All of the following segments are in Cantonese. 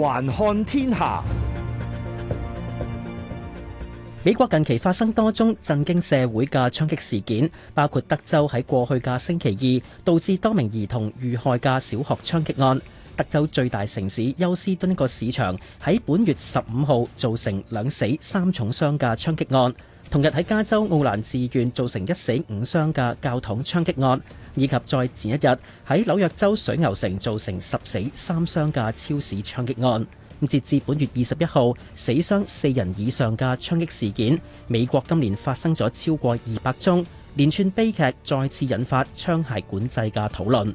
環看天下，美國近期發生多宗震驚社會嘅槍擊事件，包括德州喺過去嘅星期二導致多名兒童遇害嘅小學槍擊案。德州最大城市休斯敦個市場喺本月十五號造成兩死三重傷嘅槍擊案，同日喺加州奧蘭治縣造成一死五傷嘅教堂槍擊案，以及再前一日喺紐約州水牛城造成十死三傷嘅超市槍擊案。截至本月二十一號，死傷四人以上嘅槍擊事件，美國今年發生咗超過二百宗連串悲劇，再次引發槍械管制嘅討論。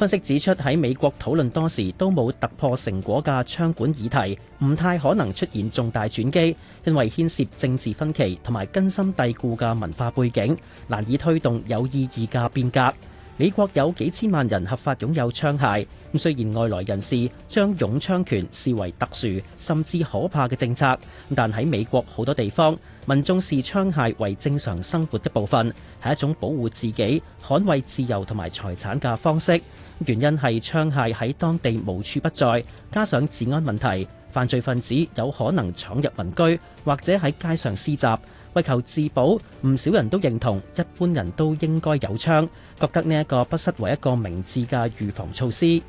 分析指出，喺美國討論多時都冇突破成果嘅槍管議題，唔太可能出現重大轉機，因為牽涉政治分歧同埋根深蒂固嘅文化背景，難以推動有意義嘅變革。美國有幾千萬人合法擁有槍械，雖然外來人士將擁槍權視為特殊甚至可怕嘅政策，但喺美國好多地方，民眾視槍械為正常生活一部分，係一種保護自己、捍衛自由同埋財產嘅方式。原因係槍械喺當地無處不在，加上治安問題，犯罪分子有可能闖入民居或者喺街上施襲。為求自保，唔少人都認同一般人都應該有槍，覺得呢一個不失為一個明智嘅預防措施。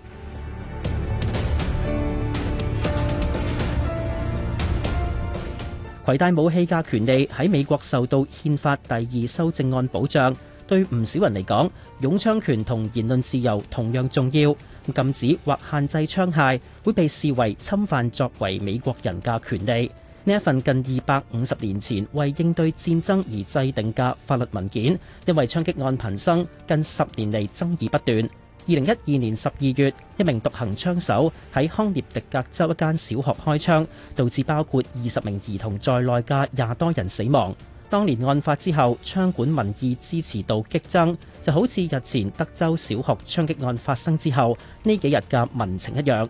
攜帶 武器嘅權利喺美國受到憲法第二修正案保障，對唔少人嚟講，擁槍權同言論自由同樣重要。禁止或限制槍械會被視為侵犯作為美國人嘅權利。呢一份近二百五十年前為應對戰爭而制定嘅法律文件，因為槍擊案頻生，近十年嚟爭議不斷。二零一二年十二月，一名獨行槍手喺康涅狄格州一間小學開槍，導致包括二十名兒童在內嘅廿多人死亡。當年案發之後，槍管民意支持度激增，就好似日前德州小學槍擊案發生之後呢幾日嘅民情一樣。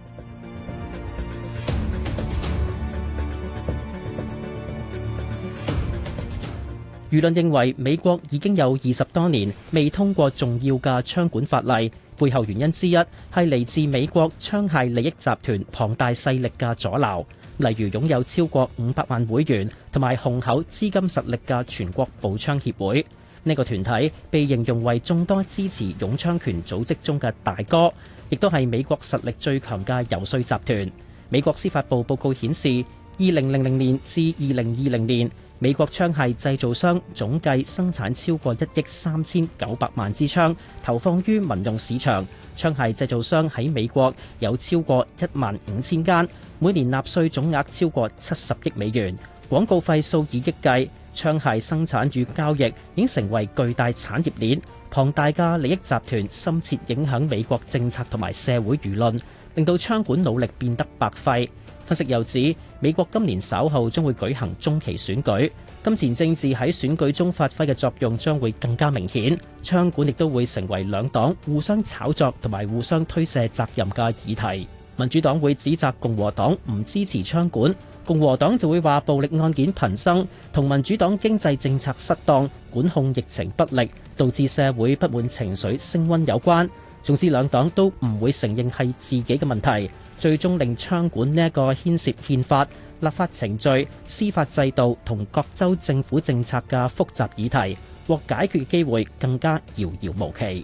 輿論認為美國已經有二十多年未通過重要嘅槍管法例，背後原因之一係嚟自美國槍械利益集團龐大勢力嘅阻撓，例如擁有超過五百萬會員同埋雄厚資金實力嘅全國步槍協會。呢、這個團體被形容為眾多支持擁槍權組織中嘅大哥，亦都係美國實力最強嘅游說集團。美國司法部報告顯示，二零零零年至二零二零年，美國槍械製造商總計生產超過一億三千九百萬支槍，投放於民用市場。槍械製造商喺美國有超過一萬五千間，每年納稅總額超過七十億美元，廣告費數以億計。槍械生產與交易已成為巨大產業鏈，龐大嘅利益集團深切影響美國政策同埋社會輿論，令到槍管努力變得白費。分析又指，美國今年稍後將會舉行中期選舉，金錢政治喺選舉中發揮嘅作用將會更加明顯，槍管亦都會成為兩黨互相炒作同埋互相推卸責任嘅議題，民主黨會指責共和黨唔支持槍管，共和黨就會話暴力案件頻生，同民主黨經濟政策失當管控，疫情不力，導致社會不滿情緒升溫有關，總之兩黨都唔會承認係自己嘅問題。最終令槍管呢一個牽涉憲法、立法程序、司法制度同各州政府政策嘅複雜議題獲解決機會更加遙遙無期。